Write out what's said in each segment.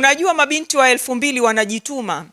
Unajua, mabinti wa elfu mbili wanajituma,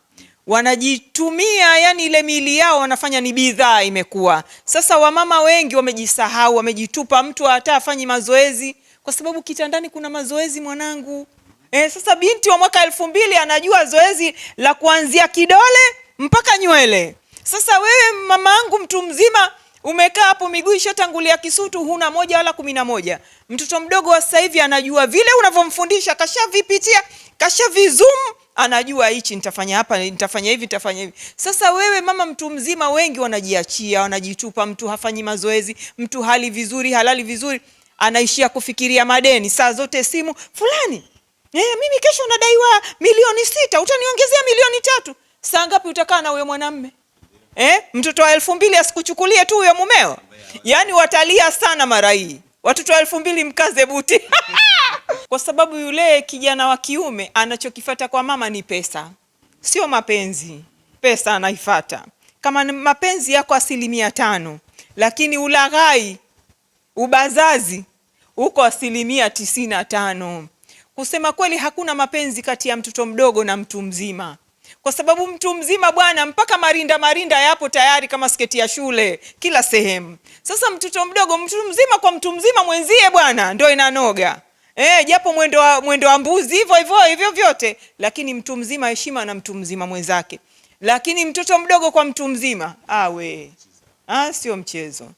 wanajitumia, yani ile miili yao wanafanya ni bidhaa imekuwa. Sasa wamama wengi wamejisahau, wamejitupa, mtu hata afanyi mazoezi kwa sababu kitandani kuna mazoezi mwanangu. E, sasa binti wa mwaka elfu mbili anajua zoezi la kuanzia kidole mpaka nywele. Sasa wewe mamaangu, mtu mzima Umekaa hapo miguu ishatangulia kisutu, huna moja wala kumi na moja. Mtoto mdogo wa sasa hivi anajua vile unavyomfundisha, kashavipitia, kashavizum, anajua hichi nitafanya hapa, nitafanya hivi, nitafanya hivi. Sasa wewe mama, mtu mzima, wengi wanajiachia, wanajitupa, mtu hafanyi mazoezi, mtu hali vizuri, halali vizuri, anaishia kufikiria madeni saa zote, simu fulani Eh, mimi kesho nadaiwa milioni sita, utaniongezea milioni tatu. Saa ngapi utakaa na huyo mwanamme? eh? Mtoto wa elfu mbili asikuchukulie tu huyo mumeo. Yaani watalia sana mara hii, watoto wa elfu mbili mkaze buti kwa sababu yule kijana wa kiume anachokifata kwa mama ni pesa, sio mapenzi. Pesa anaifata kama mapenzi yako asilimia tano, lakini ulaghai, ubazazi uko asilimia tisini na tano. Kusema kweli, hakuna mapenzi kati ya mtoto mdogo na mtu mzima kwa sababu mtu mzima bwana, mpaka marinda marinda yapo tayari kama sketi ya shule kila sehemu. Sasa mtoto mdogo, mtu mzima kwa mtu mzima mwenzie bwana, ndio inanoga eh, japo mwendo wa, mwendo wa mbuzi hivyo hivyo hivyo vyote, lakini mtu mzima heshima na mtu mzima mwenzake, lakini mtoto mdogo kwa mtu mzima awe ah, sio mchezo.